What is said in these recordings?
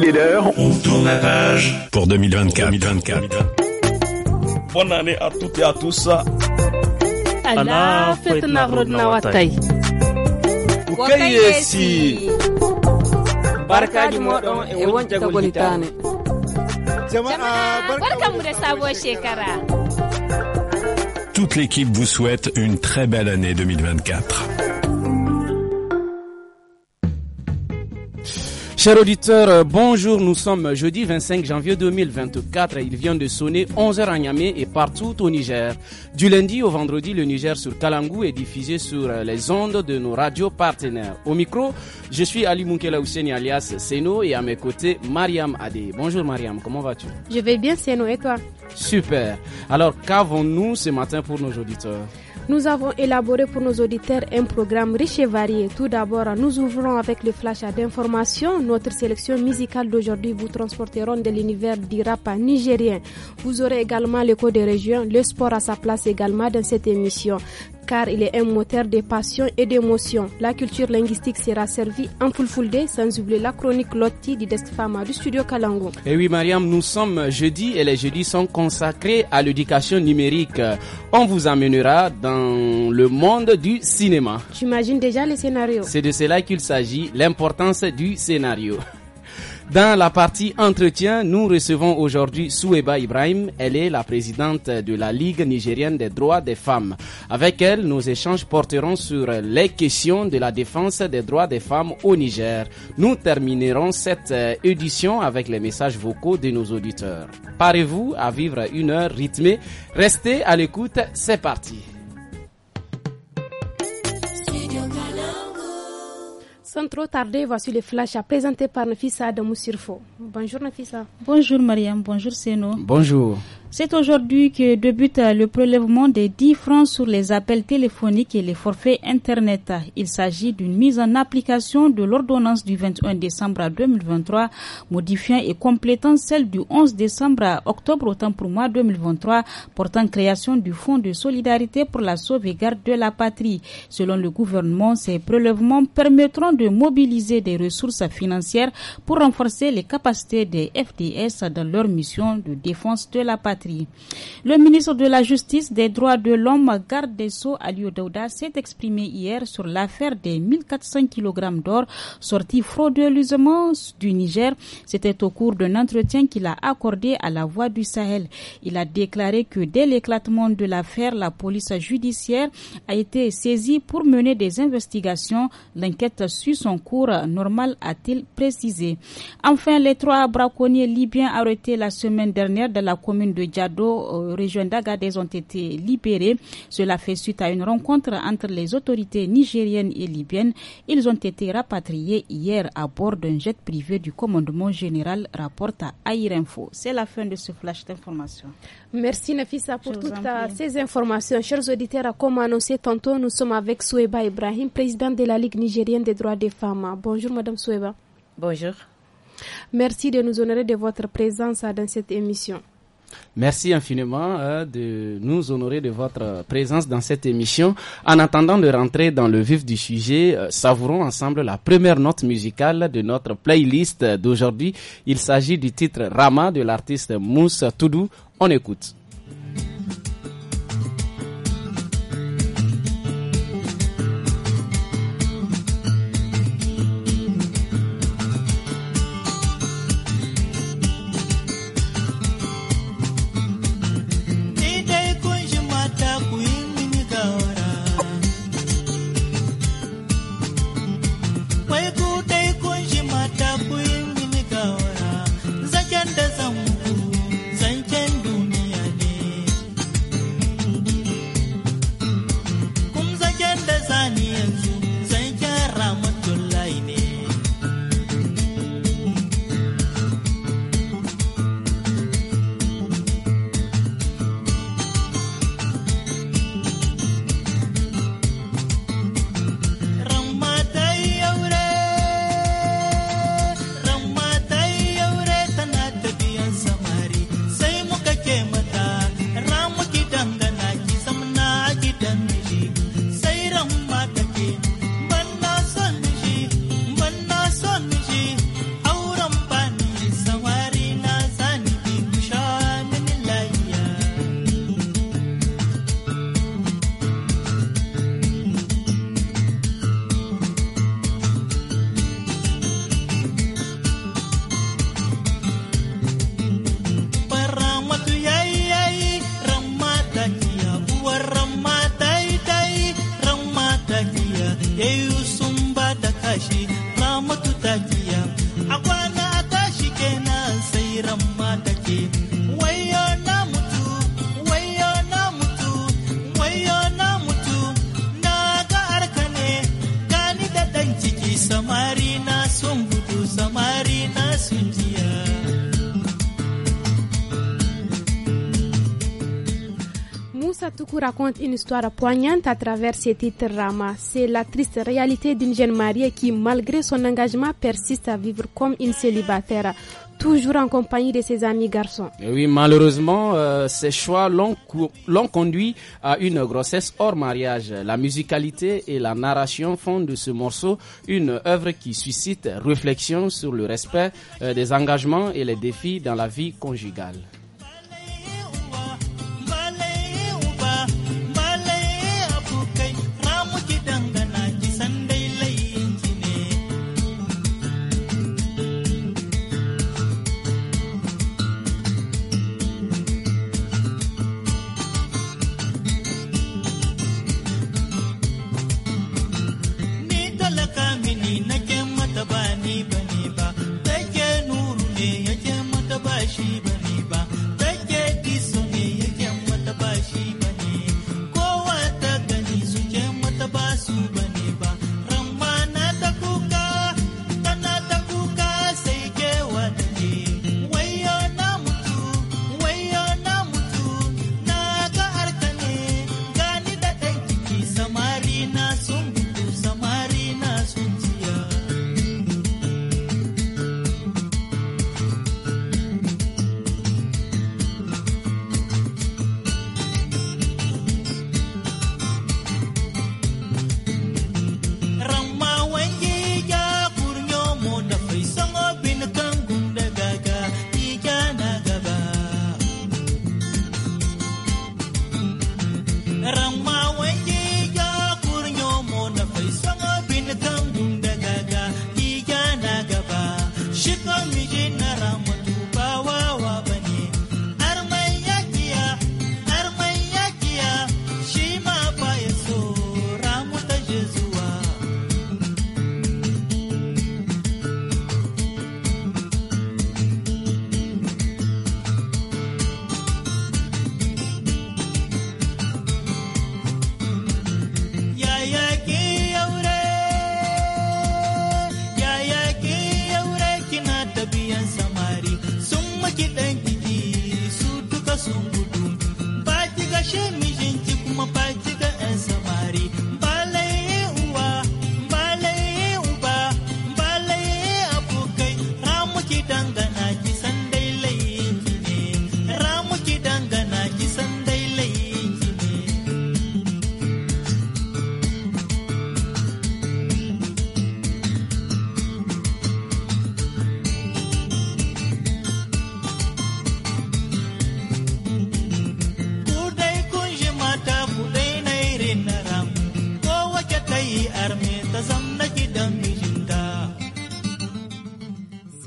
Il est l'heure. On tourne la page pour 2024. 2024. Bonne année à toutes et à tous. Allah fitna na watay. Ukayesi. Barkaji modon e, e wonta golitane. Jama'a barkamu da shekara. Toute l'équipe vous souhaite une très belle année 2024. Chers auditeurs, euh, bonjour. Nous sommes jeudi 25 janvier 2024. Il vient de sonner 11h à Niamey et partout au Niger. Du lundi au vendredi, le Niger sur Kalangu est diffusé sur euh, les ondes de nos radios partenaires. Au micro, je suis Ali Moukela alias Seno et à mes côtés, Mariam Adé. Bonjour Mariam, comment vas-tu Je vais bien Seno et toi Super. Alors, qu'avons-nous ce matin pour nos auditeurs nous avons élaboré pour nos auditeurs un programme riche et varié. Tout d'abord, nous ouvrons avec le flash d'informations. Notre sélection musicale d'aujourd'hui vous transportera de l'univers du rap nigérien. Vous aurez également l'écho des régions, le sport à sa place également dans cette émission car il est un moteur de passions et d'émotion. La culture linguistique sera servie en full full day, sans oublier la chronique Lotti du Desk du studio Kalango. Et eh oui, Mariam, nous sommes jeudi et les jeudis sont consacrés à l'éducation numérique. On vous amènera dans le monde du cinéma. J'imagine déjà les scénarios. C'est de cela qu'il s'agit, l'importance du scénario. Dans la partie entretien, nous recevons aujourd'hui Soueba Ibrahim. Elle est la présidente de la Ligue nigérienne des droits des femmes. Avec elle, nos échanges porteront sur les questions de la défense des droits des femmes au Niger. Nous terminerons cette euh, édition avec les messages vocaux de nos auditeurs. Parez-vous à vivre une heure rythmée. Restez à l'écoute. C'est parti. Sans trop tarder, voici les flashs présentés par Nafissa Adamou Sirfo. Bonjour Nafisa. Bonjour Mariam, bonjour Seno. Bonjour. C'est aujourd'hui que débute le prélèvement des 10 francs sur les appels téléphoniques et les forfaits Internet. Il s'agit d'une mise en application de l'ordonnance du 21 décembre 2023, modifiant et complétant celle du 11 décembre à octobre, autant pour moi 2023, portant création du Fonds de solidarité pour la sauvegarde de la patrie. Selon le gouvernement, ces prélèvements permettront de mobiliser des ressources financières pour renforcer les capacités des FDS dans leur mission de défense de la patrie. Le ministre de la Justice, des Droits de l'Homme, garde des Sceaux, Alio s'est exprimé hier sur l'affaire des 1400 kg d'or sortis frauduleusement du Niger. C'était au cours d'un entretien qu'il a accordé à la Voix du Sahel. Il a déclaré que dès l'éclatement de l'affaire, la police judiciaire a été saisie pour mener des investigations. L'enquête suit son cours normal, a-t-il précisé. Enfin, les trois braconniers libyens arrêtés la semaine dernière dans la commune de Djado euh, région d'Agadez, ont été libérés. Cela fait suite à une rencontre entre les autorités nigériennes et libyennes. Ils ont été rapatriés hier à bord d'un jet privé du commandement général, rapporte à Air Info. C'est la fin de ce flash d'informations. Merci Nafisa pour toutes euh, ces informations. Chers auditeurs, comme annoncé tantôt, nous sommes avec Soueba Ibrahim, président de la Ligue nigérienne des droits des femmes. Bonjour Madame Soueba. Bonjour. Merci de nous honorer de votre présence euh, dans cette émission. Merci infiniment euh, de nous honorer de votre présence dans cette émission. En attendant de rentrer dans le vif du sujet, euh, savourons ensemble la première note musicale de notre playlist d'aujourd'hui. Il s'agit du titre Rama de l'artiste Moussa Toudou. On écoute. raconte une histoire poignante à travers ses titres Rama. C'est la triste réalité d'une jeune mariée qui, malgré son engagement, persiste à vivre comme une célibataire toujours en compagnie de ses amis garçons. oui, malheureusement, euh, ces choix l'ont conduit à une grossesse hors mariage. La musicalité et la narration font de ce morceau une œuvre qui suscite réflexion sur le respect euh, des engagements et les défis dans la vie conjugale.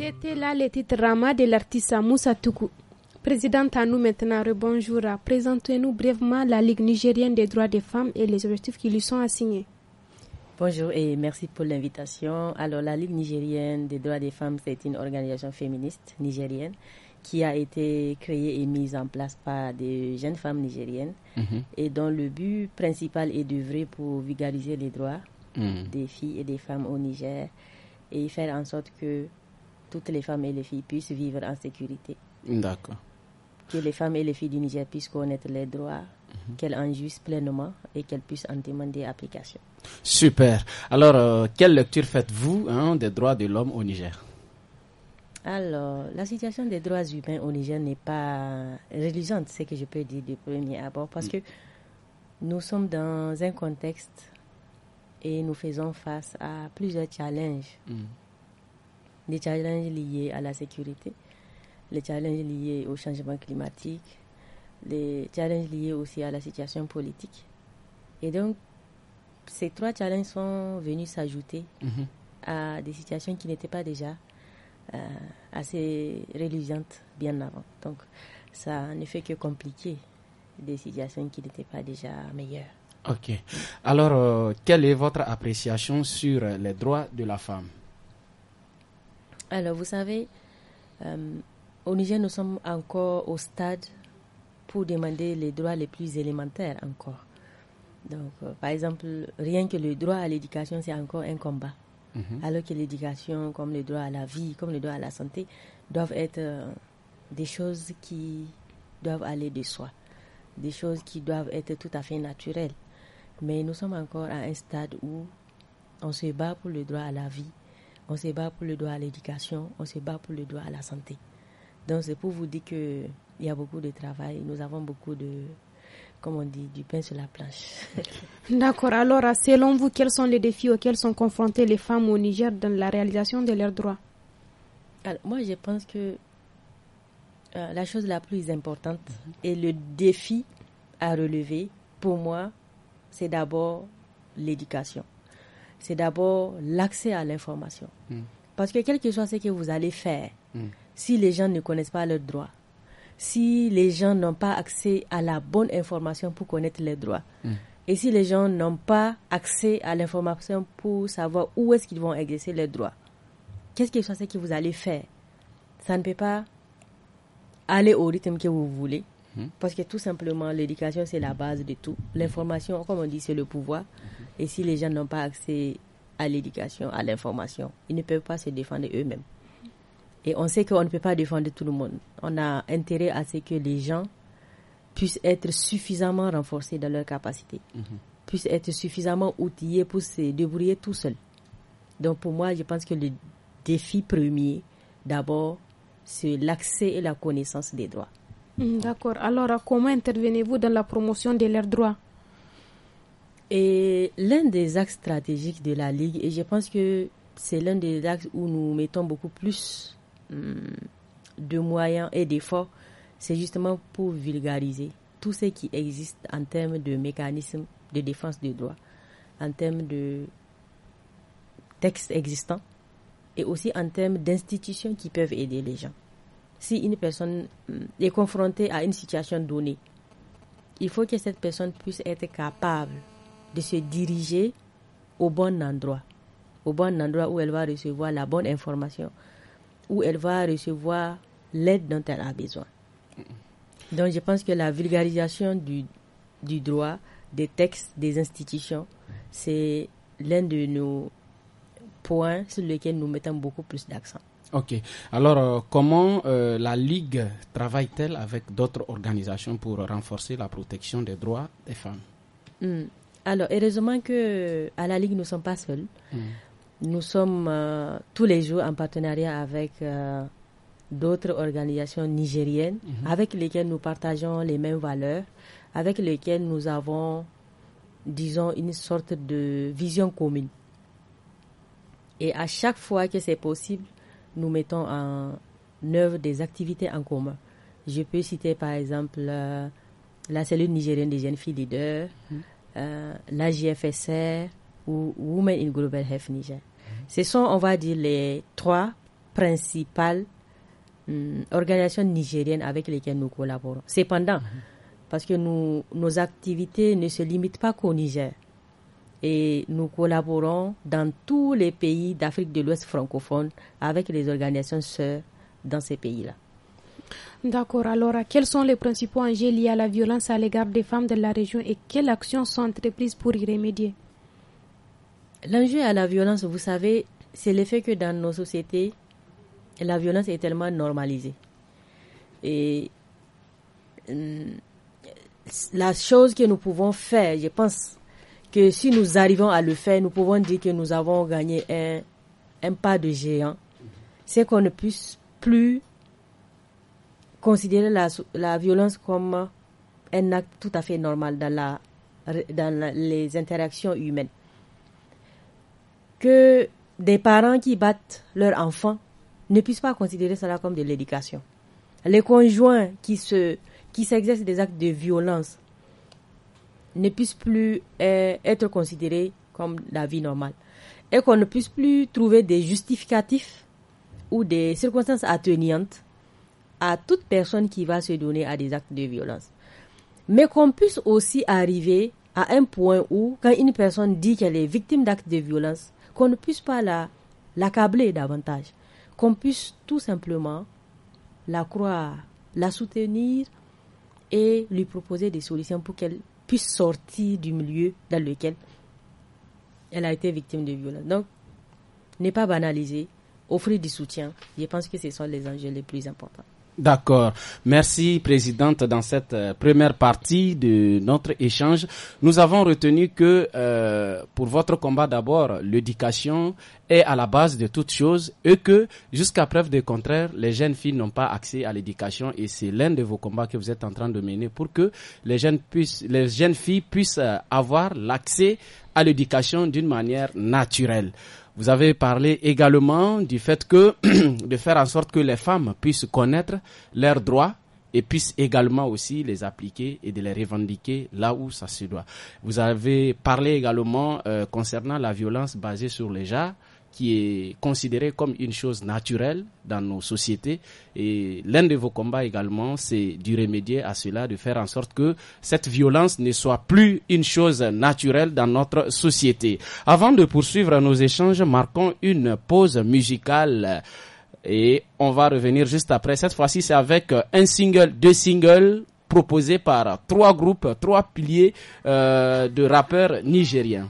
C'était là le titre Rama de l'artiste Moussa Toukou. Présidente, à nous maintenant, rebonjour. Présentez-nous brièvement la Ligue nigérienne des droits des femmes et les objectifs qui lui sont assignés. Bonjour et merci pour l'invitation. Alors, la Ligue nigérienne des droits des femmes, c'est une organisation féministe nigérienne qui a été créée et mise en place par des jeunes femmes nigériennes mhm. et dont le but principal est d'œuvrer pour vulgariser les droits mhm. des filles et des femmes au Niger et faire en sorte que toutes les femmes et les filles puissent vivre en sécurité. D'accord. Que les femmes et les filles du Niger puissent connaître les droits, mhm. qu'elles en jouissent pleinement et qu'elles puissent en demander application. Super. Alors, euh, quelle lecture faites-vous hein, des droits de l'homme au Niger alors, la situation des droits humains au Niger n'est pas réduisante, c'est ce que je peux dire de premier abord, parce mm. que nous sommes dans un contexte et nous faisons face à plusieurs challenges. Mm les challenges liés à la sécurité, les challenges liés au changement climatique, les challenges liés aussi à la situation politique. Et donc, ces trois challenges sont venus s'ajouter mhm. à des situations qui n'étaient pas déjà euh, assez réduisantes bien avant. Donc, ça ne fait que compliquer des situations qui n'étaient pas déjà meilleures. Ok. Alors, euh, quelle est votre appréciation sur les droits de la femme alors, vous savez, euh, au Niger, nous sommes encore au stade pour demander les droits les plus élémentaires encore. Donc, euh, par exemple, rien que le droit à l'éducation, c'est encore un combat. Mhm. Alors que l'éducation, comme le droit à la vie, comme le droit à la santé, doivent être euh, des choses qui doivent aller de soi, des choses qui doivent être tout à fait naturelles. Mais nous sommes encore à un stade où on se bat pour le droit à la vie, on se bat pour le droit à l'éducation, on se bat pour le droit à la santé. Donc c'est pour vous dire qu'il y a beaucoup de travail, nous avons beaucoup de, comme on dit, du pain sur la planche. D'accord. Alors, selon vous, quels sont les défis auxquels sont confrontées les femmes au Niger dans la réalisation de leurs droits moi, je pense que euh, la chose la plus importante mhm. et le défi à relever, pour moi, c'est d'abord l'éducation c'est d'abord l'accès à l'information. Hmm. Parce que quel que soit ce que vous allez faire, hmm. si les gens ne connaissent pas leurs droits, si les gens n'ont pas accès à la bonne information pour connaître leurs droits, hmm. et si les gens n'ont pas accès à l'information pour savoir où est-ce qu'ils vont exercer leurs droits, qu'est-ce que soit ce que vous allez faire Ça ne peut pas aller au rythme que vous voulez. Mhm. Parce que tout simplement, l'éducation, c'est la base de tout. L'information, comme on dit, c'est le pouvoir. Mhm. Et si les gens n'ont pas accès à l'éducation, à l'information, ils ne peuvent pas se défendre eux-mêmes. Et on sait qu'on ne peut pas défendre tout le monde. On a intérêt à ce que les gens puissent être suffisamment renforcés dans leurs capacités, mhm. puissent être suffisamment outillés pour se débrouiller tout seul Donc pour moi, je pense que le défi premier, d'abord, c'est l'accès et la connaissance des droits. Mm, d'accord. Alors, comment intervenez-vous dans la promotion de leurs droits Et l'un des axes stratégiques de la Ligue, et je pense que c'est l'un des axes où nous mettons beaucoup plus mm, de moyens et d'efforts, c'est justement pour vulgariser tout ce qui existe en termes de mécanismes de défense des droits, en termes de textes existants et aussi en termes d'institutions qui peuvent aider les gens si une personne mm, est confrontée à une situation donnée, il faut que cette personne puisse être capable de se diriger au bon endroit, au bon endroit où elle va recevoir la bonne information, où elle va recevoir l'aide dont elle a besoin. Donc je pense que la vulgarisation du, droit, des textes, des institutions, c'est l'un de nos points sur lesquels nous mettons beaucoup plus d'accent. Ok. Alors, euh, comment euh, la Ligue travaille-t-elle avec d'autres organisations pour renforcer la protection des droits des femmes hmm. Alors, heureusement que à la Ligue, nous ne sommes pas seuls. Hmm. Nous sommes euh, tous les jours en partenariat avec d'autres organisations nigériennes mhm. avec lesquelles nous partageons les mêmes valeurs, avec lesquelles nous avons, disons, une sorte de vision commune. Et à chaque fois que c'est possible, nous mettons en œuvre des activités en commun. Je peux citer par exemple euh, la cellule nigérienne des jeunes filles leaders, mm. euh, la JFSR ou Women in Global Health Niger. Mm. Ce sont, on va dire, les trois principales mm, organisations nigériennes avec lesquelles nous collaborons. Cependant, mm-hmm. parce que nous, nos activités ne se limitent pas qu'au Niger, et nous collaborons dans tous les pays d'Afrique de l'Ouest francophone avec les organisations sœurs dans ces pays-là. D'accord. Alors, quels sont les principaux enjeux liés à la violence à l'égard des femmes de la région et quelles actions sont entreprises pour y remédier L'enjeu à la violence, vous savez, c'est le fait que dans nos sociétés, la violence est tellement normalisée. Et mm, la chose que nous pouvons faire, je pense, que si nous arrivons à le faire, nous pouvons dire que nous avons gagné un, pas de géant. C'est qu'on ne puisse plus considérer la, violence comme un acte tout à fait normal dans, la, dans les interactions humaines. Que des parents qui battent leurs enfants ne puissent pas considérer cela comme de l'éducation. Les conjoints qui se qui s'exercent des actes de violence ne puisse plus euh, être considérée comme la vie normale et qu'on ne puisse plus trouver des justificatifs ou des circonstances atténuantes à toute personne qui va se donner à des actes de violence. Mais qu'on puisse aussi arriver à un point où, quand une personne dit qu'elle est victime d'actes de violence, qu'on ne puisse pas la, l'accabler davantage, qu'on puisse tout simplement la croire, la soutenir et lui proposer des solutions pour qu'elle puisse sortir du milieu dans lequel elle a été victime de violence. Donc, n'est pas banalisé, offrir du soutien, je pense que ce sont les enjeux les plus importants. D'accord. Merci, Présidente. Dans cette euh, première partie de notre échange, nous avons retenu que euh, pour votre combat d'abord, l'éducation est à la base de toute chose et que jusqu'à preuve de contraire, les jeunes filles n'ont pas accès à l'éducation et c'est l'un de vos combats que vous êtes en train de mener pour que les jeunes, puissent, les jeunes filles puissent euh, avoir l'accès à l'éducation d'une manière naturelle. Vous avez parlé également du fait que de faire en sorte que les femmes puissent connaître leurs droits et puissent également aussi les appliquer et de les revendiquer là où ça se doit. Vous avez parlé également euh, concernant la violence basée sur les genres qui est considéré comme une chose naturelle dans nos sociétés. Et l'un de vos combats également, c'est du remédier à cela, de faire en sorte que cette violence ne soit plus une chose naturelle dans notre société. Avant de poursuivre nos échanges, marquons une pause musicale. Et on va revenir juste après. Cette fois-ci, c'est avec un single, deux singles proposés par trois groupes, trois piliers euh, de rappeurs nigériens.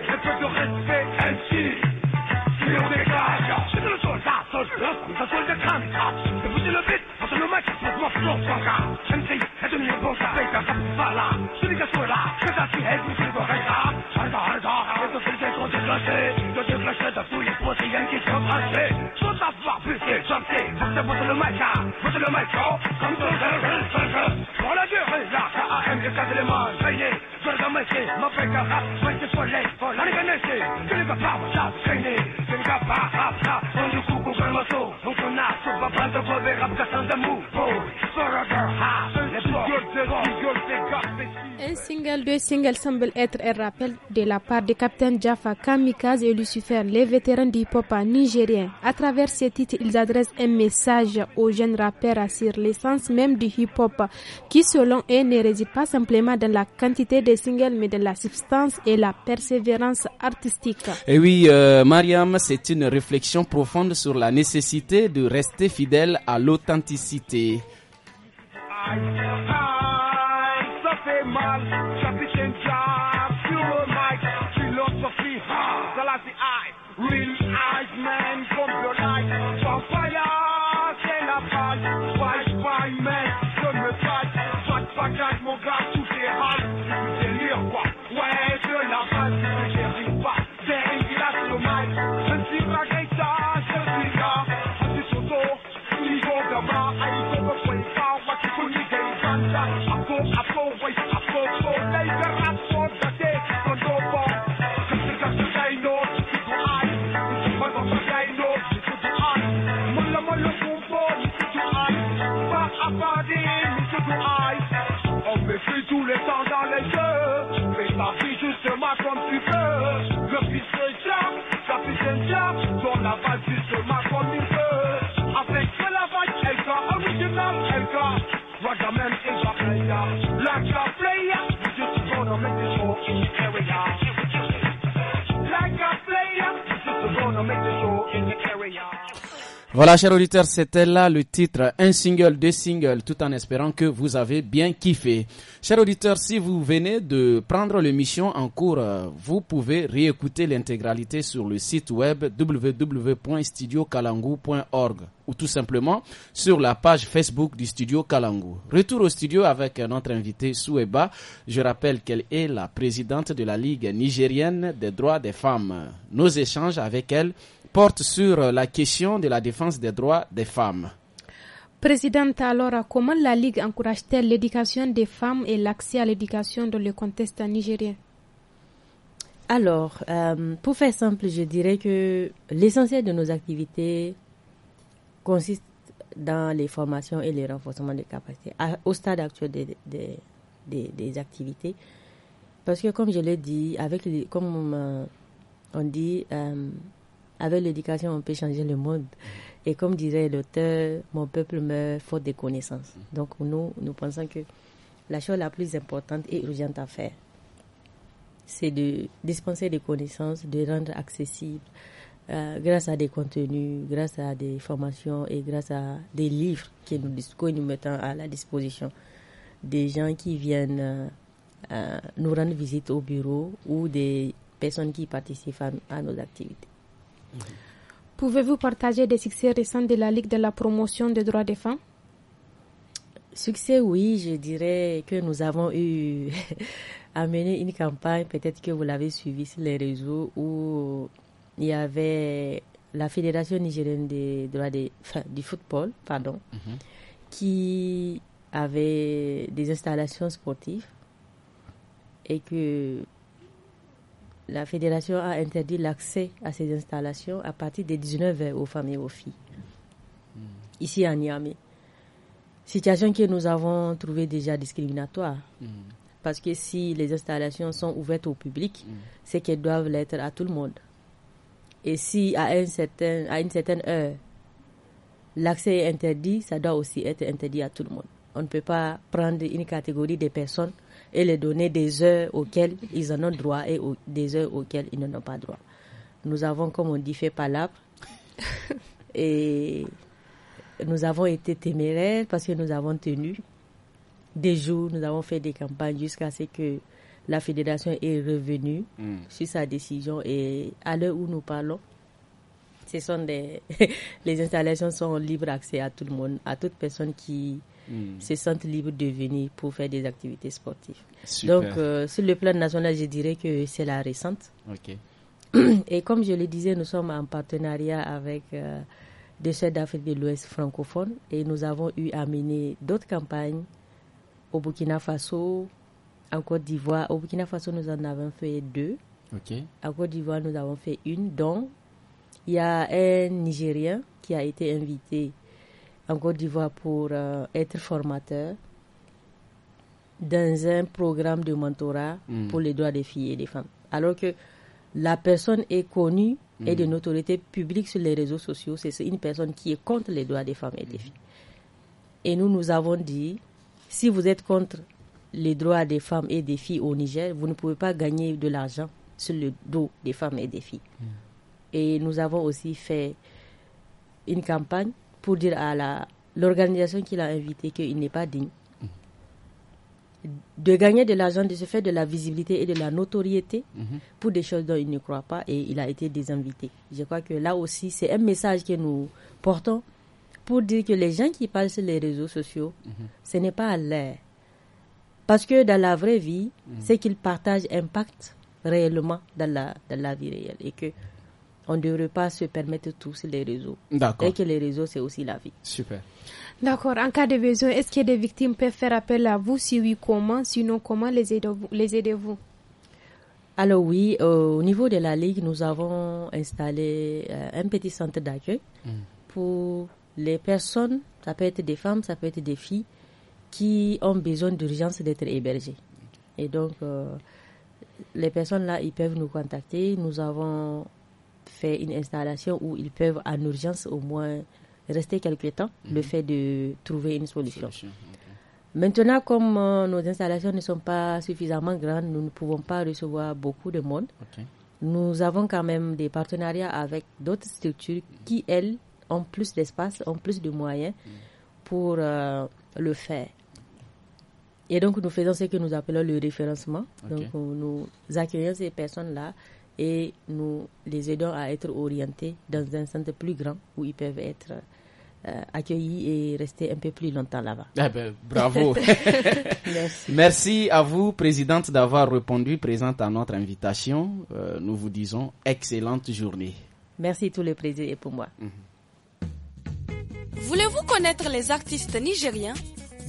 做商家，生意，来做你碰上被砸，他不犯啦，心里可酸啦，看上天还是结果还是差，长的早，长的早，要做时个谁，要做个选择，注意不是人情和盘水，说大话，屁事，装逼，不是为了买不是为了卖俏，怎么整？整的，我来丢人啦，卡阿姆的卡德勒曼，谁人？我刚没去，莫非他？莫非他？人？我认识，心里可烦，烦的，谁人？心里可烦，烦的，我有苦，苦不能说，农村那，说吧，板凳。single, 2 single semble être un rappel de la part de Captain Jaffa, Kamikaze et Lucifer, les vétérans du hip-hop nigérien. À travers ces titres, ils adressent un message aux jeunes rappeurs sur l'essence même du hip-hop, qui selon eux ne réside pas simplement dans la quantité des singles, mais dans la substance et la persévérance artistique. Et eh oui, euh, Mariam, c'est une réflexion profonde sur la nécessité de rester fidèle à l'authenticité. miles. La vie juste marche comme tu veux. Le fils de diable, la fille d'un diable. Dans la vague juste marche comme il veut. Avec la vague, elle va original, elle va. Ragaman is a player. Like a player, we just gonna make this whole area. Like a player, we just gonna make this Voilà, chers auditeurs, c'était là le titre, un single, deux singles, tout en espérant que vous avez bien kiffé. Chers auditeurs, si vous venez de prendre l'émission en cours, euh, vous pouvez réécouter l'intégralité sur le site web www.studiokalangu.org ou tout simplement sur la page Facebook du studio Kalangu. Retour au studio avec notre invité Soueba. Je rappelle qu'elle est la présidente de la Ligue nigérienne des droits des femmes. Nos échanges avec elle porte sur la question de la défense des droits des femmes. Présidente, alors comment la Ligue encourage-t-elle l'éducation des femmes et l'accès à l'éducation dans le contexte nigérien Alors, euh, pour faire simple, je dirais que l'essentiel de nos activités consiste dans les formations et les renforcements des capacités au stade actuel des, des, activités. Parce que comme je l'ai dit, avec comme on, dit, euh, avec l'éducation, on peut changer le monde. Et comme disait l'auteur, mon peuple meurt faute de connaissances. Mm. Donc nous, nous pensons que la chose la plus importante et urgente à faire, c'est de dispenser des connaissances, de rendre accessibles euh, grâce à des contenus, grâce à des formations et grâce à des livres que nous, nous mettons à la disposition des gens qui viennent euh, euh, nous rendre visite au bureau ou des personnes qui participent à nos activités. Pouvez-vous partager des succès récents de la Ligue de la promotion des droits des femmes Succès, oui, je dirais que nous avons eu à mener une campagne, peut-être que vous l'avez suivi sur les réseaux, où il y avait la Fédération nigérienne des droits des, du football, pardon, mhm. qui avait des installations sportives et que la fédération a interdit l'accès à ces installations à partir des 19h aux femmes et aux filles, hmm. ici à Niamey. Situation que nous avons trouvée déjà discriminatoire. Hmm. Parce que si les installations sont ouvertes au public, hmm. c'est qu'elles doivent l'être à tout le monde. Et si à, un certain, à une certaine heure, l'accès est interdit, ça doit aussi être interdit à tout le monde. On ne peut pas prendre une catégorie de personnes et les donner des heures auxquelles ils en ont droit et des heures auxquelles ils n'en ont pas droit. Nous avons, comme on dit, fait palabre. et nous avons été téméraires parce que nous avons tenu des jours, nous avons fait des campagnes jusqu'à ce que la fédération est revenue hmm. sur sa décision et à l'heure où nous parlons, ce sont des les installations sont libre accès à tout le monde, à toute personne qui Hmm. se sentent libres de venir pour faire des activités sportives. Donc, euh, sur le plan national, je dirais que c'est la récente. Et comme je le disais, nous sommes en partenariat avec euh, des chefs d'Afrique de l'Ouest francophone et nous avons eu à mener d'autres campagnes au Burkina Faso, en Côte d'Ivoire. Au Burkina Faso, nous en avons fait deux. En Côte d'Ivoire, nous avons fait une, donc il y a un Nigérien qui a été invité en Côte d'Ivoire pour euh, être formateur dans un programme de mentorat mm. pour les droits des filles et des femmes. Alors que la personne est connue mm. et de notoriété publique sur les réseaux sociaux, c'est une personne qui est contre les droits des femmes et des mm. filles. Et nous, nous avons dit, si vous êtes contre les droits des femmes et des filles au Niger, vous ne pouvez pas gagner de l'argent sur le dos des femmes et des filles. Et nous avons aussi fait une campagne pour dire à l'organisation qui l'a invité qu'il n'est pas digne. De gagner de l'argent, de se faire de la visibilité et de la notoriété pour des choses dont il ne croit pas et il a été désinvité. Je crois que là aussi, c'est un message que nous portons pour dire que les gens qui parlent sur les réseaux sociaux, ce n'est pas à l'air. Parce que dans la vraie vie, c'est qu'ils partagent impact réellement dans la, dans la vie réelle et que on ne devrait pas se permettre tous les réseaux. D'accord. Et que les réseaux, c'est aussi la vie. Super. D'accord. En cas de besoin, est-ce que des victimes peuvent faire appel à vous Si oui, comment Sinon, comment les aidez-vous Alors oui, euh, au niveau de la Ligue, nous avons installé euh, un petit centre d'accueil mm. pour les personnes, ça peut être des femmes, ça peut être des filles, qui ont besoin d'urgence d'être hébergées. Et donc, euh, les personnes là, ils peuvent nous contacter. Nous avons fait une installation où ils peuvent en urgence au moins rester quelques temps, le mhm. fait de trouver une solution. Maintenant, comme euh, nos installations ne sont pas suffisamment grandes, nous ne pouvons pas recevoir beaucoup de monde. Nous avons quand même des partenariats avec d'autres structures mhm. qui, elles, ont plus d'espace, ont plus de moyens mhm. pour euh, le faire. Et donc, nous faisons ce que nous appelons le référencement. Donc, euh, nous accueillons ces personnes-là et nous les aidons à être orientés dans un centre plus grand où ils peuvent être euh, accueillis et rester un peu plus longtemps là-bas. Ah ben, bravo. Merci. à vous, Présidente, d'avoir répondu présente à notre invitation. Euh, nous vous disons excellente journée. Merci, tous les présidents et pour moi. Mhm. Voulez-vous connaître les artistes nigériens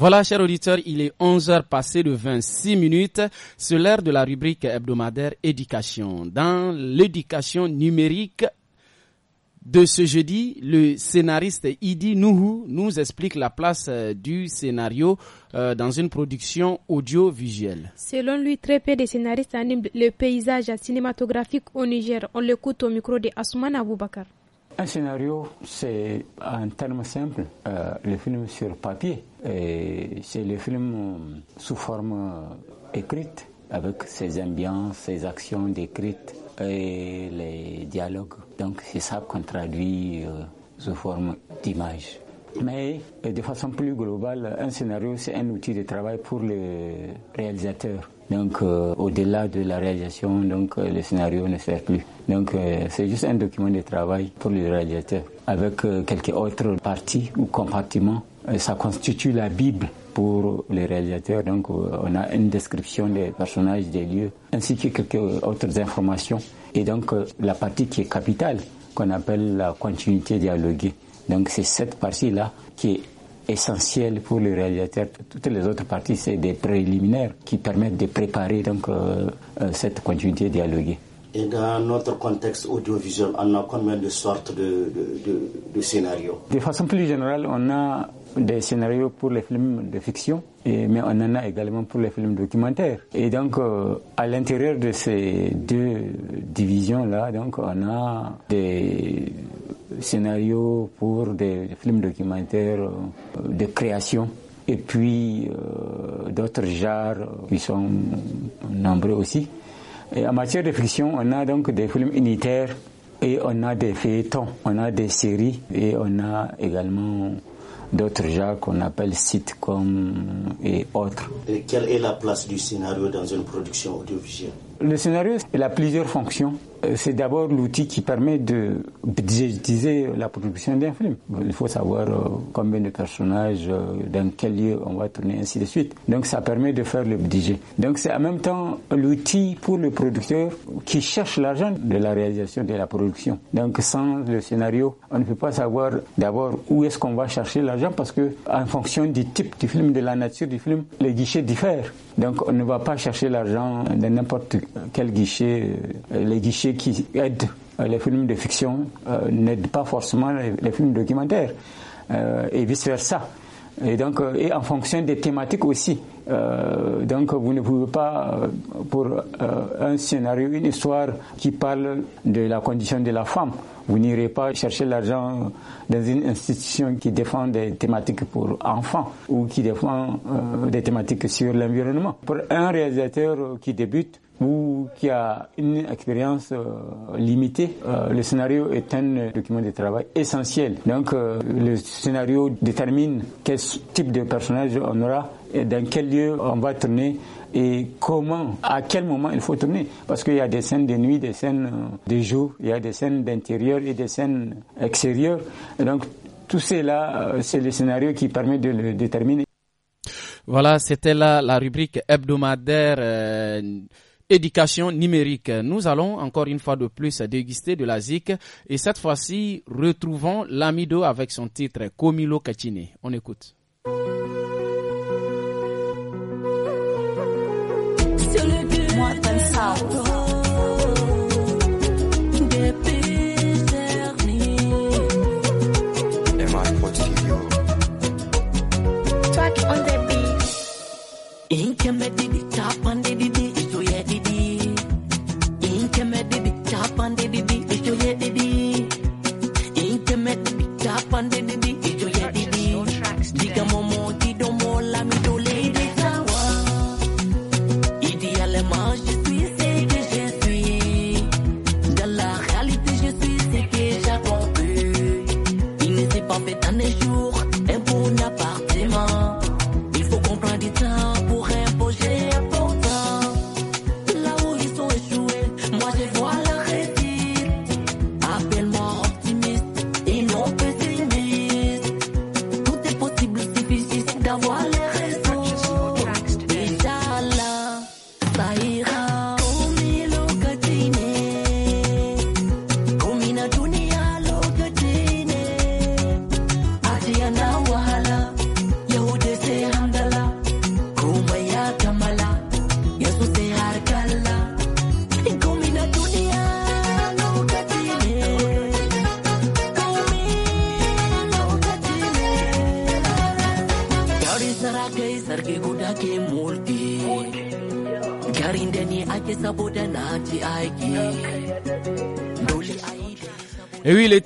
Voilà, chers auditeurs, il est 11h passé de 26 minutes. C'est l'heure de la rubrique hebdomadaire éducation. Dans l'éducation numérique de ce jeudi, le scénariste Idi Nuhu nous explique la place euh, du scénario euh, dans une production audiovisuelle. Selon lui, très peu de scénaristes animent le paysage cinématographique au Niger. On l'écoute au micro de Asuman Aboubakar. Un scénario, c'est en terme simple, euh, le film sur papier. C'est le film euh, sous forme euh, écrite, avec ses ambiances, ses actions décrites et les dialogues. Donc c'est ça qu'on traduit sous forme d'image. Mais de façon plus globale, un scénario, c'est un outil de travail pour le réalisateur. Donc, euh, au-delà de la réalisation, donc, euh, le scénario ne sert plus. Donc, euh, c'est juste un document de travail pour les réalisateurs. Avec quelques autres parties ou compartiments, ça constitue la Bible pour les réalisateurs. Donc, on a une description des personnages, des lieux, ainsi que quelques autres informations. Et donc, la partie qui est capitale, qu'on appelle la continuité dialoguée. Donc, c'est cette partie-là qui est essentiel pour le réalisateur. Toutes les autres parties, c'est des préliminaires qui permettent de préparer donc euh, euh, cette continuité dialoguée. Et dans notre contexte audiovisuel, on a combien de sortes de, de, de scénarios De façon plus générale, on a des scénarios pour les films de fiction, et, mais on en a également pour les films documentaires. Et donc, euh, à l'intérieur de ces deux divisions-là, donc on a des scénarios pour des films documentaires euh, de création et puis euh, d'autres genres qui sont nombreux aussi. Et en matière de fiction, on a donc des films unitaires et on a des feuilletons, on a des séries et on a également d'autres genres qu'on appelle sitcoms euh, et autres. Et quelle est la place du scénario dans une production audiovisuelle Le scénario, il a plusieurs fonctions. Euh, c'est d'abord l'outil qui permet de budgétiser la production d'un film. Il faut savoir euh, combien de personnages, euh, dans quel lieu on va tourner, ainsi de suite. Donc ça permet de faire le budget. Donc c'est en même temps l'outil pour le producteur qui cherche l'argent de la réalisation de la production. Donc sans le scénario, on ne peut pas savoir d'abord où est-ce qu'on va chercher l'argent parce que en fonction du type du film, de la nature du film, les guichets diffèrent. Donc on ne va pas chercher l'argent dans n'importe quel guichet. Les guichets qui aident euh, les films de fiction euh, n'aident pas forcément les, films documentaires euh, et vice-versa. Et donc, et en fonction des thématiques aussi. donc, vous ne pouvez pas, pour un scénario, une histoire qui parle de la condition de la femme, vous n'irez pas chercher l'argent dans une institution qui défend des thématiques pour enfants ou qui défend des thématiques sur l'environnement. Pour un réalisateur qui débute, ou qui a une expérience euh, limitée. Euh, le scénario est un euh, document de travail essentiel. Donc le scénario détermine quel type de personnage on aura et dans quel lieu on va tourner et comment, à quel moment il faut tourner. Parce qu'il y a des scènes de nuit, des scènes de jour, il y a des scènes d'intérieur et des scènes extérieures. donc tout cela, c'est le scénario qui permet de le déterminer. Voilà, c'était là la rubrique hebdomadaire éducation numérique. Nous allons encore une fois de plus déguster de la ZIC et cette fois-ci, retrouvons l'amido avec son titre Komilo Kachine. On écoute.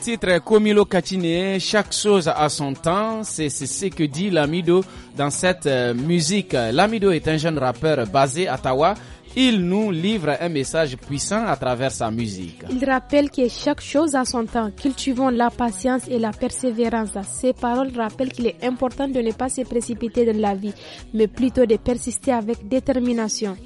titre Komilo Katine, chaque chose a son temps, c'est ce que dit Lamido dans cette euh, musique. Lamido est un jeune rappeur basé à Tawa il nous livre un message puissant à travers sa musique. Il rappelle que chaque chose a son temps. Cultivons la patience et la persévérance. Ses paroles rappellent qu'il est important de ne pas se précipiter dans la vie, mais plutôt de persister avec détermination.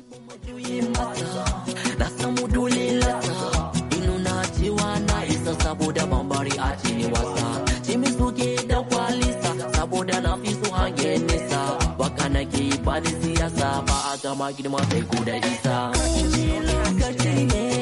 ba da siyasa ba a gama girma sai ko da isa. Lokaci ne.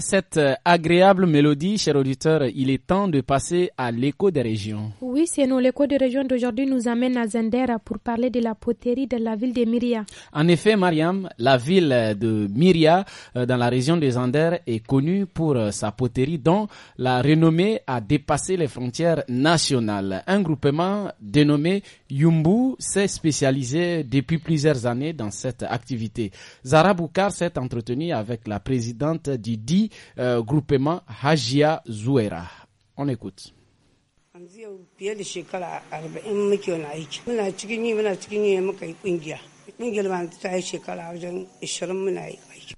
cette euh, agréable mélodie, cher auditeur, il est temps de passer à l'écho des régions. Oui, c'est nous. L'écho des régions d'aujourd'hui nous amène à Zandera pour parler de la poterie de la ville de Myria. En effet, Mariam, la ville de Myria, euh, dans la région des Zender, est connue pour euh, sa poterie dont la renommée a dépassé les frontières nationales. Un groupement dénommé Yumbu s'est spécialisé depuis plusieurs années dans cette activité. Zara Boukar s'est entretenu avec la présidente du dit euh, groupement Hajia Zouera. On écoute. fiye da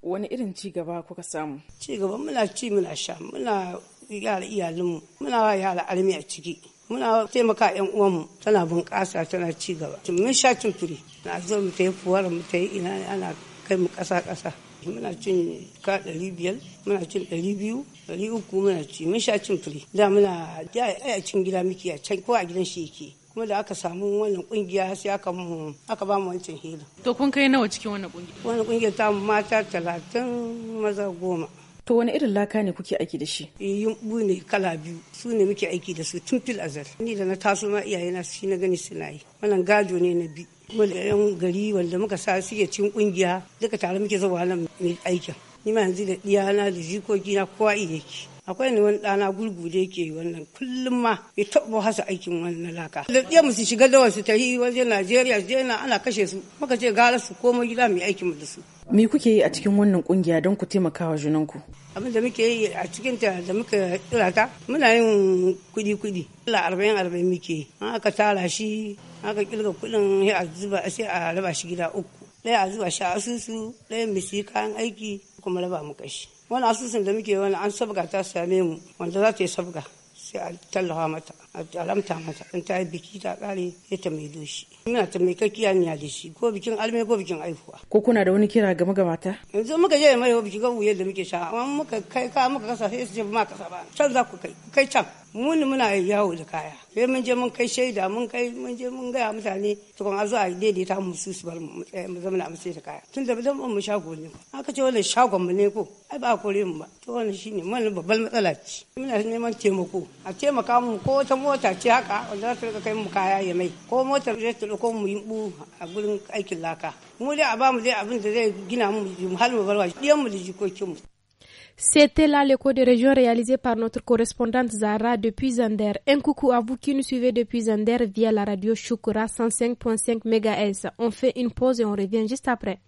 wani irin ci gaba kuka samu ci gaba muna ci muna sha muna yara iyalinmu muna wa yara armi a ciki muna taimaka yan uwanmu tana bunƙasa tana ci gaba mun sha cuturi na zo mu ta yi mu ta yi ina ana kai mu ƙasa ƙasa muna cin ka ɗari biyar muna cin ɗari biyu ɗari uku muna ci mun sha cin firi da muna ya a cin gida muke a can ko a gidan shi yake kuma da aka samu wannan kungiya sai aka mu aka ba mu wancan hira to kun kai nawa cikin wannan kungiya wannan kungiyar ta mata talatin maza goma to wani irin laka ne kuke aiki da shi eh, yumbu ne kala biyu su ne muke aiki da su tun fil azal ni da na taso ma iyayena shi na gani suna yi wannan gado ne na bi wanda yan gari wanda muka sa suke cin kungiya duka tare muke zuwa nan mai aikin ni ma yanzu da diyana da jikoki na kowa iya yake akwai wani ɗana gurgu da yake wannan kullum ma ya taɓa hasa aikin wannan laka da ɗiya musu shiga da wasu ta yi wajen najeriya su jena ana kashe su muka ce gara su koma gida mu aikin mu da su me kuke yi a cikin wannan kungiya don ku taimaka wa junanku abin da muke yi a cikin ta da muka tsira ta muna yin kuɗi kudi dala arba'in arba'in muke yi an aka tara shi aka kirga kudin ya a zuba sai a raba shi gida uku ɗaya a zuba shi a asusu ɗaya mu kan kayan aiki kuma raba mu kashi wani asusun da muke wani an sabga ta same mu wanda za ta yi sabga sai a tallafa mata a alamta mata in ta yi biki ta kare sai ta mai doshi ina ta mai kakkiya niya da shi ko bikin alme ko bikin aihuwa ko kuna da wani kira game ga mata yanzu muka je mai biki ga wuyar da muke sha amma muka kai ka muka kasa sai su ce ma kasa ba can za ku kai kai can mun muna yawo da kaya sai mun je mun kai shaida mun kai mun je mun gaya mutane tukun kan zo a daidaita mu su su bar mu mu zama mu sai da kaya tun da dan mu shago ne aka ce wannan shagon mu ne ko ai ba kore mu ba to wannan shine mun babban matsala ce muna neman taimako a taimaka mu ko wata mota ce haka wanda za ta rika kai mu kaya ya mai ko motar zai ta dauko mu yimbu a gurin aikin laka mu dai a ba mu dai abin da zai gina mu mu halmu barwa diyan mu da jikokin mu C'était là l'écho de région réalisé par notre correspondante Zara depuis Zander. Un coucou à vous qui nous suivez depuis Zander via la radio Shukura 105.5 MHz. On fait une pause et on revient juste après.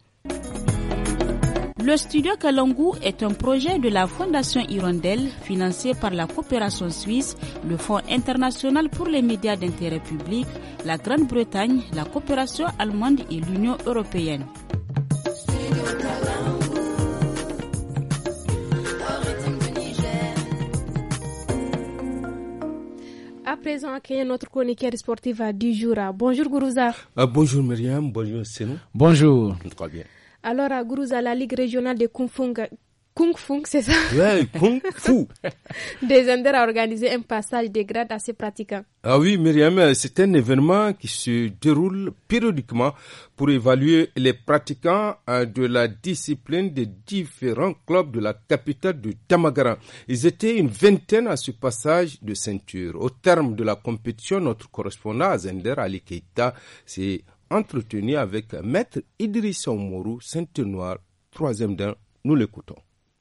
Le studio Kalangu est un projet de la Fondation Hirondelle financé par la coopération suisse, le Fonds international pour les médias d'intérêt public, la Grande-Bretagne, la coopération allemande et l'Union européenne. à présent accueillons notre chroniqueur sportif à euh, Dijoura. Euh, bonjour Gourouza. Euh, bonjour Myriam, bonjour Sénou. Bonjour. bien. Alors à Gourouza, la Ligue régionale de Kung Kung Fu, c'est ça Ouais, Kung Fu Desender a organisé un passage de grade à ses pratiquants. Ah oui, Myriam, c'est un événement qui se déroule périodiquement pour évaluer les pratiquants hein, de la discipline des différents clubs de la capitale de Tamagara. Ils étaient une vingtaine à ce passage de ceinture. Au terme de la compétition, notre correspondant à Zender, Ali Keita, s'est entretenu avec Maître Idriss Omourou, ceinture noire, troisième d'un. Nous l'écoutons.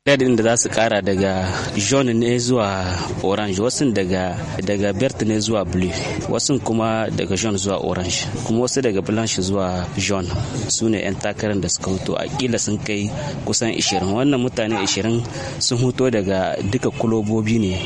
Redin da za su kara daga jaune ne zuwa orange wasu daga daga bert ne zuwa blue wasu kuma daga jaune zuwa orange kuma wasu daga blanche zuwa jaune su ne 'yan takarar da suka a akila sun kai kusan 20 wannan mutane 20 sun hoto daga duka kulobobi ne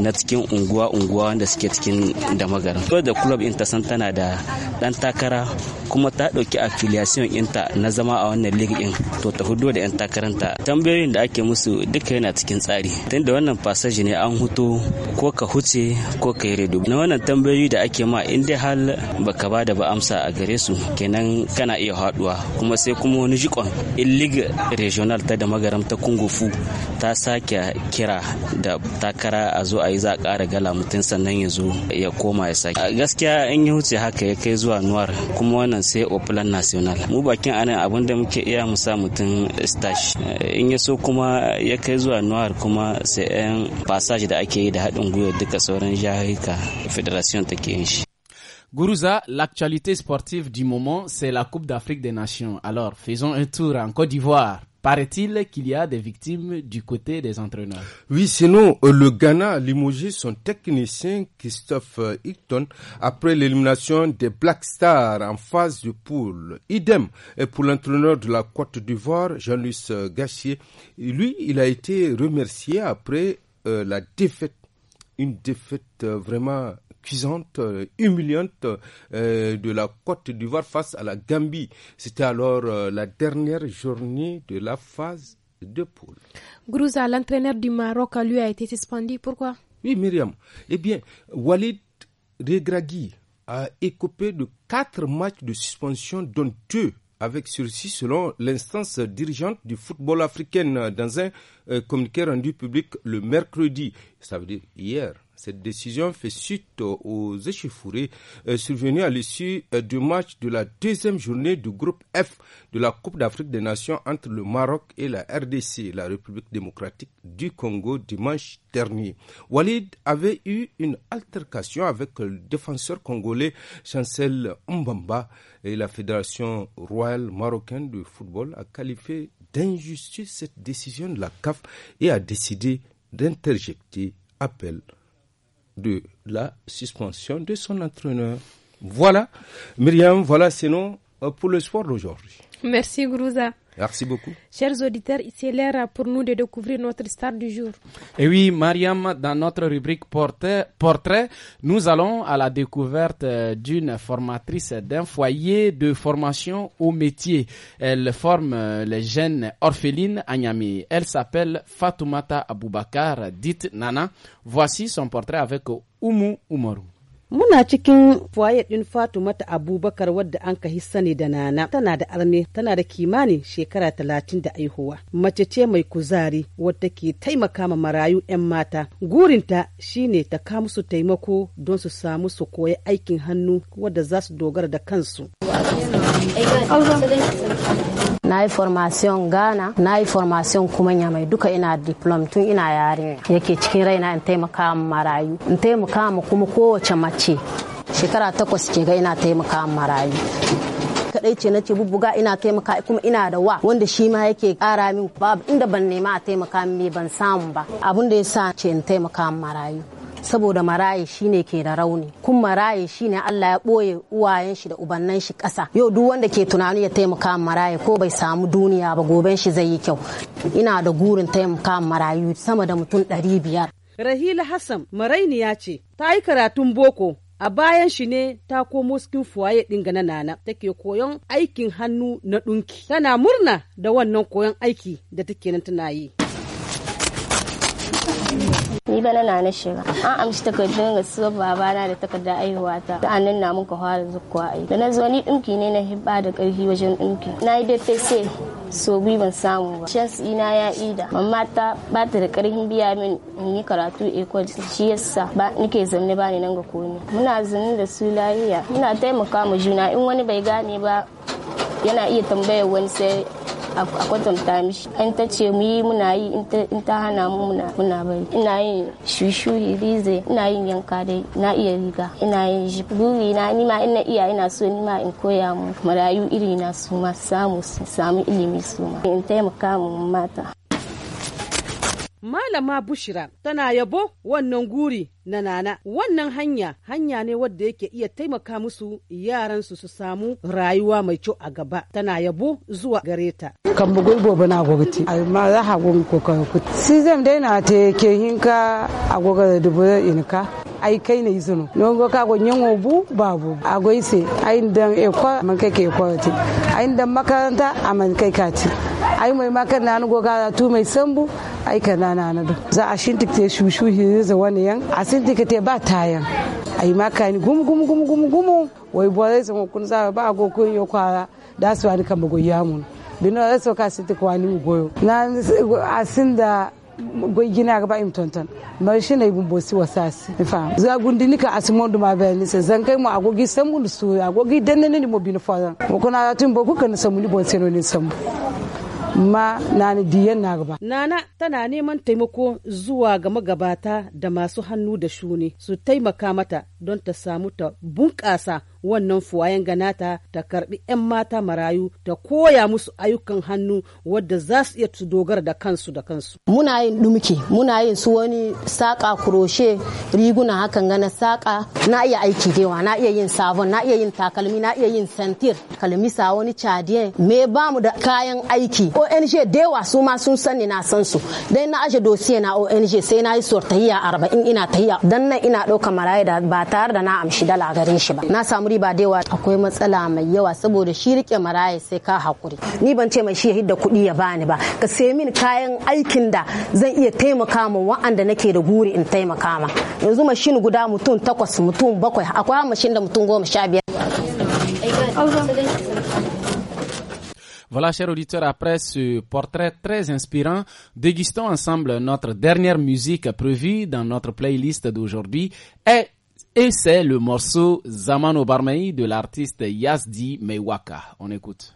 na cikin unguwa-unguwa wanda suke cikin da magaran da club san tana da dan takara kuma ta ɗauki affiliation inta na zama a wannan league din to ta hudo da 'yan takaranta tambayoyin da ake musu sauransu duka yana cikin tsari tun da wannan fasaji ne an huto ko ka huce ko ka yi redo na wannan tambayoyi da ake ma in dai hal baka ba da ba amsa a gare su kenan kana iya haduwa kuma sai kuma wani jikon in league regional ta da magaram ta kungufu ta sake kira da takara a zo a yi za a kara gala mutum sannan ya zo ya koma ya sake gaskiya in ya huce haka ya kai zuwa nuwar kuma wannan sai opulan national mu bakin anan abin da muke iya musa mutum stash in ya so kuma ya kai zuwa nuwar kuma sai 'yan passage da ake yi da haɗin gwiwa duka sauran jahika federation take yin shi Gourouza, l'actualité sportive du moment, c'est la Coupe d'Afrique des Nations. Alors, faisons un tour en Côte d'Ivoire paraît-il qu'il y a des victimes du côté des entraîneurs. Oui, sinon, euh, le Ghana a son technicien Christophe euh, Hickton, après l'élimination des Black Stars en phase de poule. Idem et euh, pour l'entraîneur de la Côte d'Ivoire, Jean-Luc Gassier. Lui, il a été remercié après la défaite. Une défaite vraiment euh, humiliante euh, de la Côte d'Ivoire face à la Gambie. C'était alors euh, la dernière journée de la phase de poule. Grouza, l'entraîneur du Maroc, lui a été suspendu. Pourquoi Oui, Myriam. Eh bien, Walid Regragui a écopé de quatre matchs de suspension, dont deux avec sursis selon l'instance dirigeante du football africain dans un communiqué rendu public le mercredi, ça veut dire hier. Cette décision fait suite aux échauffourées euh, survenues à l'issue euh, du match de la deuxième journée du groupe F de la Coupe d'Afrique des Nations entre le Maroc et la RDC, la République démocratique du Congo, dimanche dernier. Walid avait eu une altercation avec le défenseur congolais Chancel Mbamba et la Fédération royale marocaine de football a qualifié d'injustice cette décision de la CAF et a décidé d'interjecter appel de la suspension de son entraîneur. Voilà, Myriam, voilà sinon euh, pour le sport d'aujourd'hui. Merci Grouza. Merci beaucoup. Chers auditeurs, c'est l'heure pour nous de découvrir notre star du jour. Et oui, Mariam, dans notre rubrique portrait, nous allons à la découverte euh, d'une formatrice d'un foyer de formation au métier. Elle forme euh, les jeunes orphelines à Niamey. Elle s'appelle Fatoumata Aboubakar, dite Nana. Voici son portrait avec Oumu Oumarou. Muna cikin fuwaye ɗin Fatumata Abubakar wadda an kahi sani da nana tana da arme tana da kimanin shekara talatin da aihuwa. Mace ce mai kuzari wadda ke taimaka ma marayu 'yan mata. Gurinta shine ta ka musu taimako don su samu su koyi aikin hannu wadda za su dogara da kansu. na yi formation ghana na yi formation kuma nyamai duka ina diplom tun ina yarinya yake cikin raina in taimaka marayu in taimaka kuma kowace mace shekara takwas ke ga ina taimaka marayu kadai ce na ce bubbuga ina taimaka kuma ina da wa wanda shi ma yake kara min babu inda ban nema a taimaka min ban samu ba abin da ya sa ce in taimaka marayu saboda maraye shine ke da rauni kun maraye shine Allah ya ɓoye uwayen shi da ubannan shi ƙasa yau duk wanda ke tunani ya taimaka maraye ko bai samu duniya ba goben shi zai yi kyau ina da gurin taimaka marayu sama da mutum ɗari biyar. Rahila Hassan marainiya ce ta yi karatun boko a bayan shi ne ta komo cikin fuwaye ɗin na nana take koyon aikin hannu na ɗunki tana murna da wannan koyon aiki da take nan tana yi. ni bana na na shiga an amshi takardun baba babana da takardar aihuwa ta da annan na ka fara zukuwa ai da na zo ni dinki ne na hibba da karfi wajen dinki na yi sai so bi ban samu ba shans ina ya ida amma ta ba ta da karfin biya min in yi karatu eko shi yasa ba nike zanne ba ni nan ga komi muna zanin da su lafiya muna taimaka mu juna in wani bai gane ba yana iya tambayar wani sai a kwatanta mishi an ta ce mu yi muna yi in ta hana mu muna bari ina yin shushuri rize ina yin yanka dai na iya riga ina yin shi buri na nima ina iya ina so nima in koya mu marayu iri na su ma samu su samu ilimi su ma in taimaka mu mata Malama Bushira tana yabo wannan guri na nana wannan hanya hanya ne wadda yake iya taimaka musu yaransu su samu rayuwa mai kyau a gaba tana yabo zuwa gare ta kan bugu gobe na gobiti amma za ha gobe ko ka ku sizem dai na te ke hinka da dubu inka ai kai ne izuno non go ka go nyango bu babu agoise ai dan e ko man kai ke ko ti ai dan makaranta a man kai ka ti ai mai makar na go ga tu mai sambu ai kana na na za a shintikte shushu hi za wani yan asin tintikete ba tayan ayi ni gumu gumu gumu gumu gumu wai bo zai sanwa kun sa ba go kun yo kwara da su wani kan bugo yamu bino zai so ka sinti kwani goyo na asinda goy gina ba im tonton ma shi ne bun bosi wasasi fa za gundi nika asimon duma bayani sai zan kai mu agogi samu su agogi danne ne mo bin fa ko na tun bo kuka kan samu ni bon seno ni samu ma nani diyan na gaba. Nana tana neman taimako zuwa ga magabata da masu hannu da shuni su taimaka mata don ta samu ta bunƙasa wannan fuwayen ganata ta karbi 'yan mata marayu ta koya musu ayyukan hannu wadda za su iya su dogara da kansu da kansu. Muna yin dumki, muna yin su wani saƙa kuroshe riguna hakan gana saƙa na iya aiki dewa, na iya yin sabon, na iya yin takalmi, na iya yin santir, kalmisa wani cadiye. Me ba mu da kayan aiki. ONG dewa su ma sun sani na san su. Dai na aje dosiye na ONG sai na yi sortahiya arba'in ina tahiya. Dan nan ina ɗauka maraya da ba tare da na amshi dala garin shi ba. Na samu aure ba daiwa akwai matsala mai yawa saboda shi rike maraya sai ka hakuri ni ban ce mai shi ya hidda kuɗi ya bani ba ka sayi min kayan aikin da zan iya taimaka ma wa'anda nake da guri in taimaka ma yanzu mashin guda mutum takwas mutum bakwai akwai mashin da mutum goma sha biyar Voilà, chers auditeurs, après ce portrait très inspirant, dégustons ensemble notre dernière musique prévue dans notre playlist d'aujourd'hui. Et et c'est le morceau Zamano Barmei de l'artiste Yazdi Mewaka. On écoute.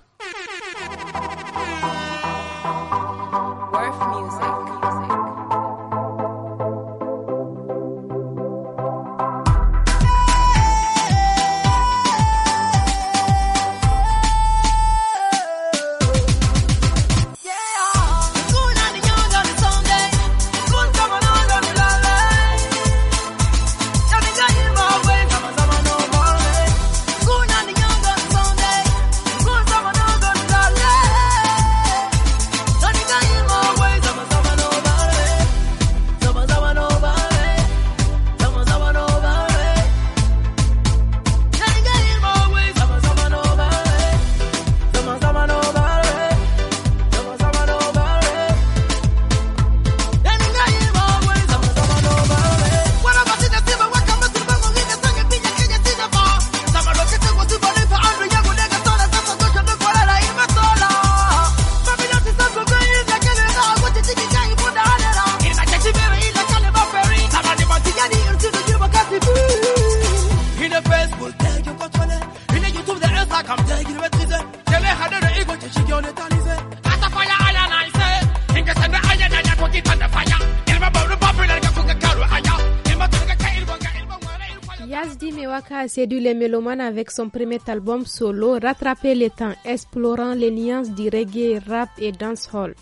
séduit les mélomanes avec son premier album solo, Rattraper les temps, explorant les nuances du reggae, rap et dancehall.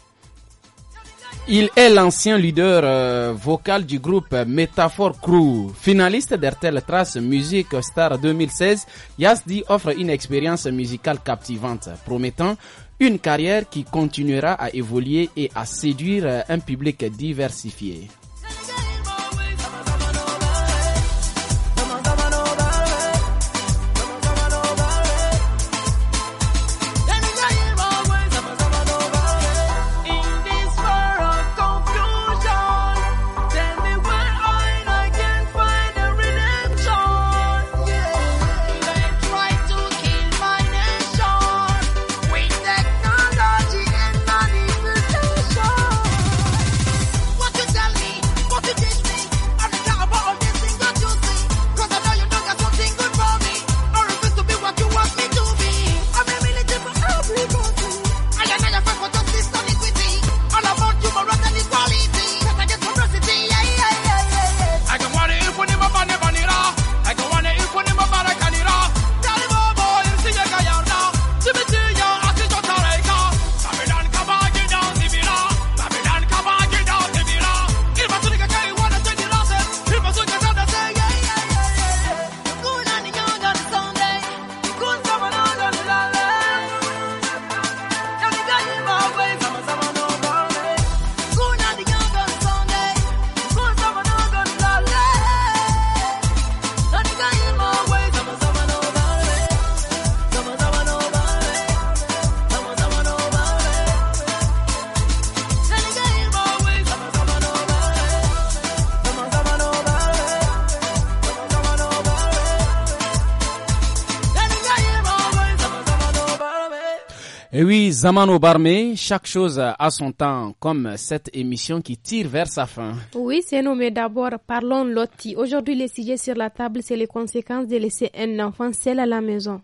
Il est l'ancien leader euh, vocal du groupe Métaphore Crew. Finaliste d'Ertel Trace Music Star 2016, Yasdi offre une expérience musicale captivante, promettant une carrière qui continuera à évoluer et à séduire un public diversifié. Zaman Barmé, chaque chose a son temps, comme cette émission qui tire vers sa fin. Oui, c'est nous, mais d'abord, parlons loti. Aujourd'hui, les sujet sur la table, c'est les conséquences de laisser un enfant seul à la maison.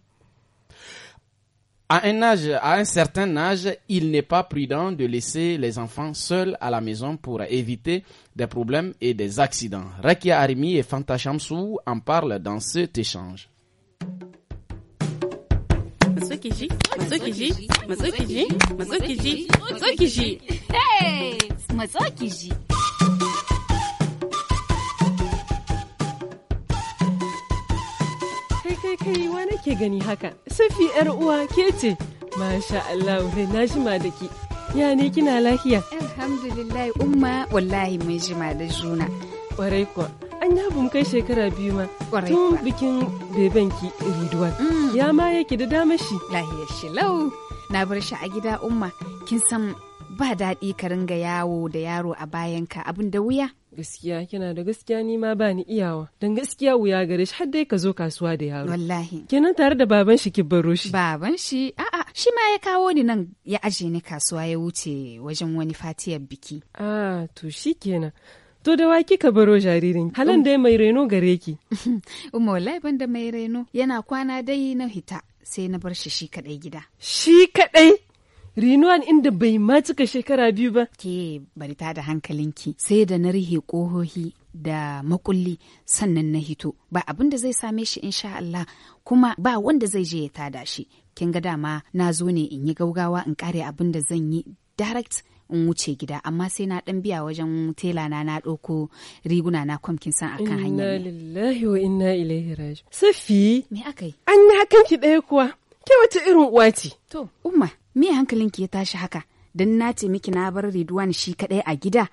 À un âge, à un certain âge, il n'est pas prudent de laisser les enfants seuls à la maison pour éviter des problèmes et des accidents. Rakia Arimi et Fanta Shamsou en parlent dans cet échange. matsukiji matsukiji matsukiji matsukiji matsukiji hey matsukiji kai kai kai wa nake gani haka safi yar uwa ke ce masha Allah na shima da ki ya ne kina lafiya alhamdulillah umma wallahi mun jima da juna kwarai kuwa an ya mu kai shekara biyu ma tun bikin bebenki ridwan mm. ya ma yake da dama shi lahiyar shi lau na bar shi a gida umma kin san ba daɗi ka ringa yawo da yaro a bayanka abin da wuya gaskiya kina da gaskiya ni ma ba iyawa dan gaskiya wuya gare shi har dai ka zo kasuwa da yaro wallahi kenan tare da baban shi baro shi baban shi a'a shi ma ya kawo ni nan ya aje ni kasuwa ya wuce wajen wani fatiyar biki a ah, to shikenan To da wa kika baro jaririn? Halan um. dai mai reno gare ki. Umma wallahi banda mai reno yana kwana dai na hita sai na bar shi shi kadai gida. Shi kadai? Rinuwan inda bai ma cika shekara biyu ba. Ke bari ta da hankalinki sai da na rihe ƙohohi da makulli sannan na hito ba abin da zai same shi in sha Allah kuma ba wanda zai je ya tada shi. Kin ga dama na zo ne in yi gaugawa in kare abin da zan yi direct in wuce gida amma sai na dan biya wajen tela na na doko riguna na kwamkin san akan hanyar inna lillahi wa inna ilaihi raju. safi me akai an hakan ki ɗaya kuwa ke wata irin uwa ce to umma me hankalin ki ya tashi haka dan na ce miki na bar riduwan shi kadai a gida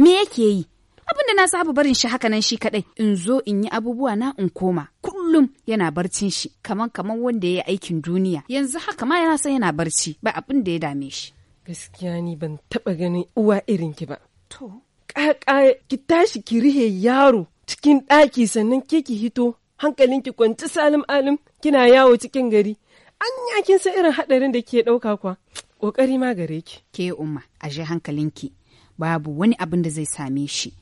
me yake yi abin da na saba barin shi haka nan shi kadai in zo in yi abubuwa na in koma kullum yana barcin shi kaman kaman wanda ya yi aikin duniya yanzu haka ma yana san yana barci ba abin da ya dame shi Gaskiya ni ban taɓa ganin uwa irin ki ba. To. Ƙaƙa ki tashi ki rihe yaro cikin ɗaki sannan ke ki hito hankalin ki kwanci salim alim kina yawo cikin gari. An kin san irin haɗarin da ke ɗauka kwa. Ƙoƙari ma gare ki. Ke umma, hankalin hankalinki. Babu wani abin da zai same shi.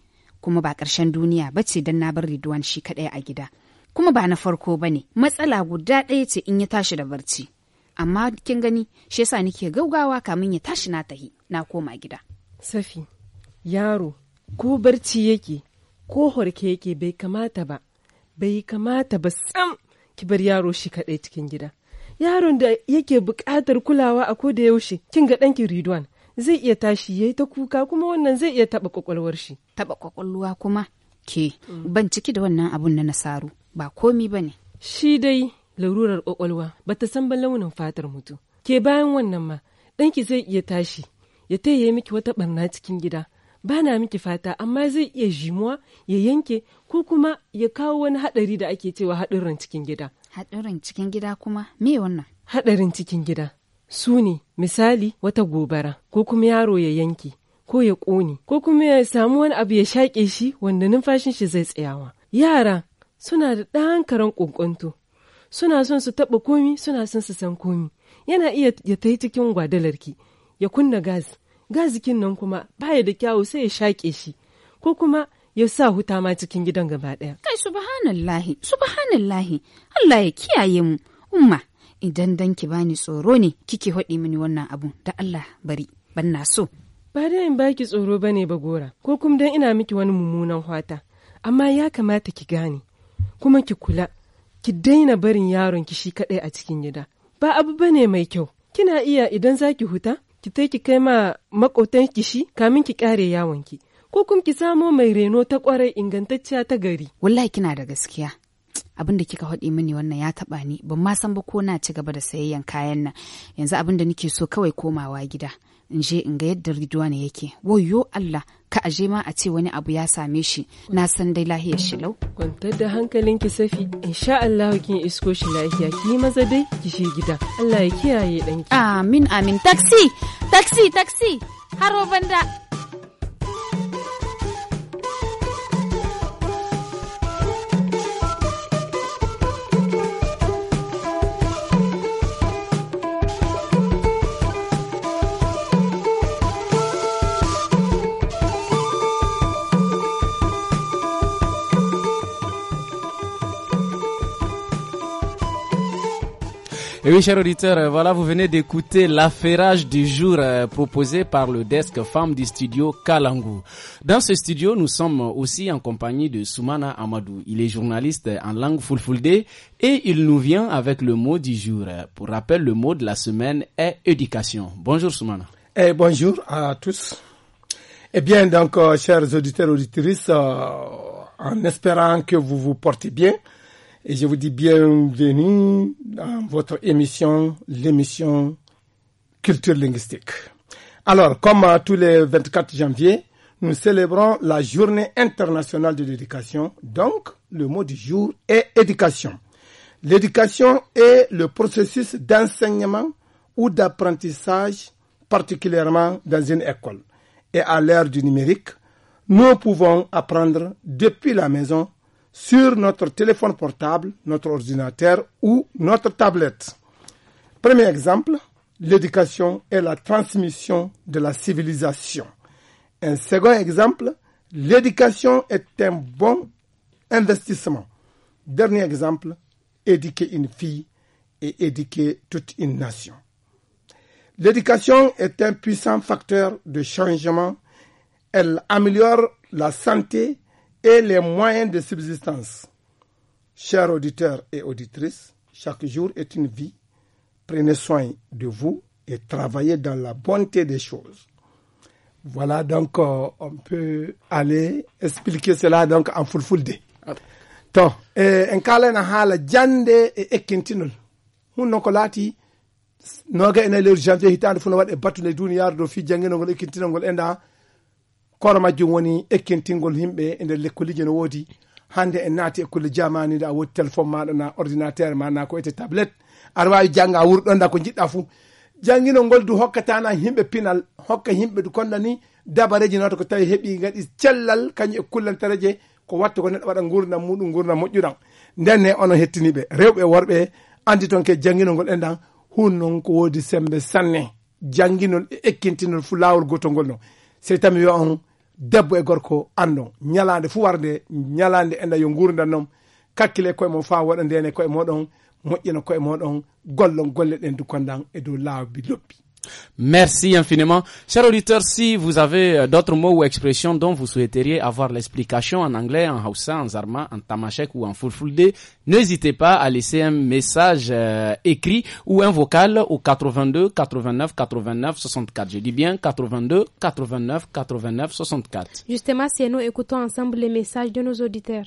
Kuma ba ƙarshen duniya ba ce don na bar Ridwan shi kaɗai a gida. Kuma ba na farko ba ne. Matsala guda ɗaya ce in ya tashi da barci. amma kin gani shi yasa nake gaugawa kamin ya tashi na tahi na koma gida safi yaro ko barci yake ko horke yake bai kamata ba bai kamata ba sam ki bar yaro shi kadai cikin gida yaron da yake bukatar kulawa a ko da yaushe kin ga ɗanki ridwan zai iya tashi yayi ta kuka kuma wannan zai iya taba kwakwalwar shi taba kwakwalwa kuma ke ban ciki da wannan abun na nasaru ba komi ba ne shi dai larurar kwakwalwa ba ta san ba launin fatar mutu. ke bayan wannan ma ɗanki zai iya tashi ya taya miki wata barna cikin gida ba na miki fata amma zai iya jimuwa ya yanke ko kuma ya kawo wani haɗari da ake cewa haɗarin cikin gida haɗarin cikin gida kuma me wannan haɗarin cikin gida su ne misali wata gobara ko kuma yaro ya yanke ko ya ƙone ko kuma ya samu wani abu ya shaƙe shi wanda numfashin shi zai tsayawa yara suna da ɗan karen ƙunƙunto suna son su taɓa komi suna son su san komi yana iya ya ta cikin gwadalarki ya kunna gas gazikin nan kuma baya da kyawu sai ya shaƙe shi ko kuma ya sa huta ma cikin gidan gaba ɗaya. Kai subhanallahi subhanallahi Allah ya kiyaye mu umma idan danki bani tsoro ne kike haɗi mini wannan abu da Allah bari ban na so. Ba da in baki tsoro bane ba gora ko kuma dan ina miki wani mummunan hwata amma ya kamata ki gane kuma ki kula ki daina barin yaron ki shi kaɗai a cikin gida ba abu bane mai kyau kina iya idan za ki huta ki tai ki kai ma makotan ki shi kamin ki kare yawon ki ko kuma ki samo mai reno ta kwarai ingantacciya ta gari wallahi kina da gaskiya abin da kika haɗe mini wannan ya taɓa ni ban ma san ba ko na ci gaba da sayayyan kayan nan yanzu abin da nake so kawai komawa gida in je in ga yadda riduwa yake wayo Allah ka aje ma a ce wani abu ya same shi na san dai lahiyar shi lau kwantar da hankalinki safi insha Allah kin isko shi lafiya ki maza dai ki shi gida Allah ya kiyaye danki amin amin taxi taxi taxi haro banda Eh oui, chers auditeurs, euh, voilà, vous venez d'écouter l'affairage du jour euh, proposé par le desk femme du studio Kalangu. Dans ce studio, nous sommes aussi en compagnie de Soumana Amadou. Il est journaliste en langue fulfulde et il nous vient avec le mot du jour. Pour rappel, le mot de la semaine est éducation. Bonjour Soumana. Eh, bonjour à tous. Eh bien, donc, euh, chers auditeurs, auditrices, en espérant que vous vous portez bien, et je vous dis bienvenue dans votre émission, l'émission Culture linguistique. Alors, comme tous les 24 janvier, nous célébrons la journée internationale de l'éducation. Donc, le mot du jour est éducation. L'éducation est le processus d'enseignement ou d'apprentissage, particulièrement dans une école. Et à l'ère du numérique, nous pouvons apprendre depuis la maison sur notre téléphone portable, notre ordinateur ou notre tablette. Premier exemple, l'éducation est la transmission de la civilisation. Un second exemple, l'éducation est un bon investissement. Dernier exemple, éduquer une fille et éduquer toute une nation. L'éducation est un puissant facteur de changement. Elle améliore la santé, et les moyens de subsistance. Chers auditeurs et auditrices, chaque jour est une vie. Prenez soin de vous et travaillez dans la bonté des choses. Voilà, donc euh, on peut aller expliquer cela donc en fulfulde. To, e eh, en na hala jande e ekkintinol. Hunno ko laati noga ene lewru janvier hitande fof no waɗe battude duniyaaru ɗo fi jangguinogol ekkintinol ngol enda kono majjum woni ekkentingol yimɓe e nder lekkoliji no woodi hande en naati e kulle jamanide a wodi téléphone maɗa na ordinateur ma na ko ete tablette aɗa wawi jangga wurɗonda ko jiɗɗa fuu jangguinol ngol du hokkatana yimɓe pinal hokka yimɓe du konɗa ni dabareji nota ko tawi heeɓi gaɗi cellal kañum e kullantareje ko watta ko neɗɗo waɗa gurdam muɗum gurdam moƴƴuɗam ndenne ono hettiniɓe rewɓe e worɓe andi toon ke jangguinol ngol enɗan hun ko wodi sembe sanne jangguinol e ekkintinol fu lawol gotol ngol non sey tami wiya on debbo e gorko anno ñalande fu warde ñalande enda yo gurdan noon kakkile koye mon fa waɗa ndene koye moɗon moƴƴina koye moɗon gollon golle ɗen dukkandan e dow laabi lobbi Merci infiniment. Chers auditeurs, si vous avez euh, d'autres mots ou expressions dont vous souhaiteriez avoir l'explication en anglais, en haussa, en zarma, en tamashek ou en fulfulde, n'hésitez pas à laisser un message euh, écrit ou un vocal au 82 89 89 64. Je dis bien 82 89 89 64. Justement, si nous écoutons ensemble les messages de nos auditeurs.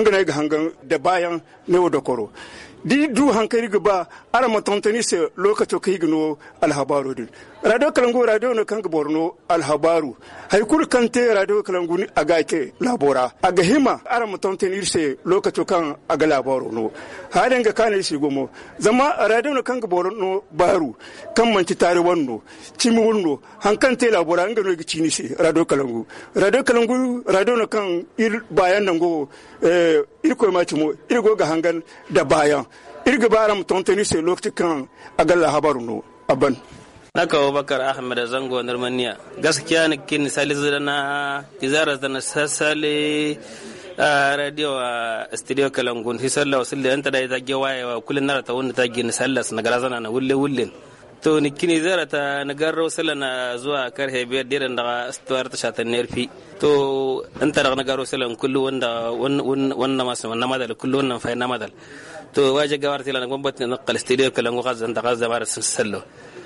ngana ga hangan da bayan mewa da koro di du hankari ga ba ara matantani se lokacin kai gino alhabaru din radio kalangu radio no kanga borno alhabaru haikul kante radio kalangu ni agake labora aga hima ara mutonten irse lokaco kan aga labaru no haden ga kana shi gomo zama radio no kanga borno baru kan manci tare wanno cimi wanno hankante labora no gi cini shi radio kalangu radio kalangu radio no kan ir bayan go eh il ko macimo ir go ga hangal da bayan ga baram mutonten irse lokaci kan aga labaru no aban na kawo bakar ahmed a zango nirmaniya gaskiya na kin sali zana izara zana sasale a radio a studio kalangun hisalla wasu da yanta da ya zage wayewa kullum nara ta wanda ta gini sallah na gara zana na wulle wulle to ni kini zara ta na wasu sala na zuwa karhe biyar da daga stuwar ta shatan nerfi to in ta daga na garro sala kullu wanda wanda masu wanda madal kullu wannan fa na madal to waje gawar tilana gwamnati na kalistiriyar kalangun kazan da kazan da mara sun sallo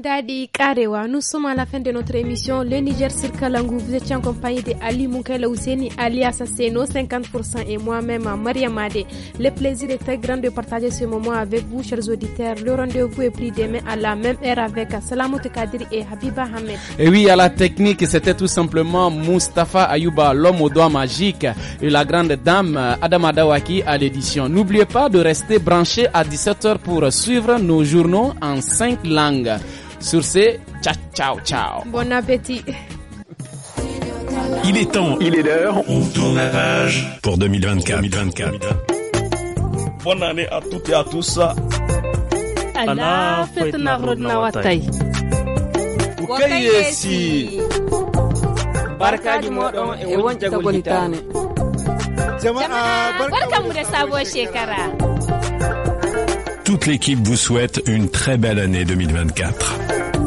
Dadi Nous sommes à la fin de notre émission Le Niger sur Kalangou. Vous étiez en compagnie de Ali Moukela Ouseni, 50% et moi-même, Maria Le plaisir est très grand de partager ce moment avec vous, chers auditeurs. Le rendez-vous est pris demain à la même heure avec Salamot Kadri et Habiba Hamed. Et oui, à la technique, c'était tout simplement Mustafa Ayouba, l'homme aux doigts magiques et la grande dame euh, Adama Dawaki à l'édition. N'oubliez pas de rester branché à 17h pour suivre nos journaux en 5 langues. Sur ce, ciao, ciao, ciao. Bon appétit. Il est temps. Il est l'heure. On tourne la page pour 2024. 2024. Bonne année à toutes et à tous. Allah fitna rodna watay. Ukayyesi. Barkaji modon e wonjagolitane. Jama'a da sabuwar shekara. Toute l'équipe vous souhaite une très belle année 2024.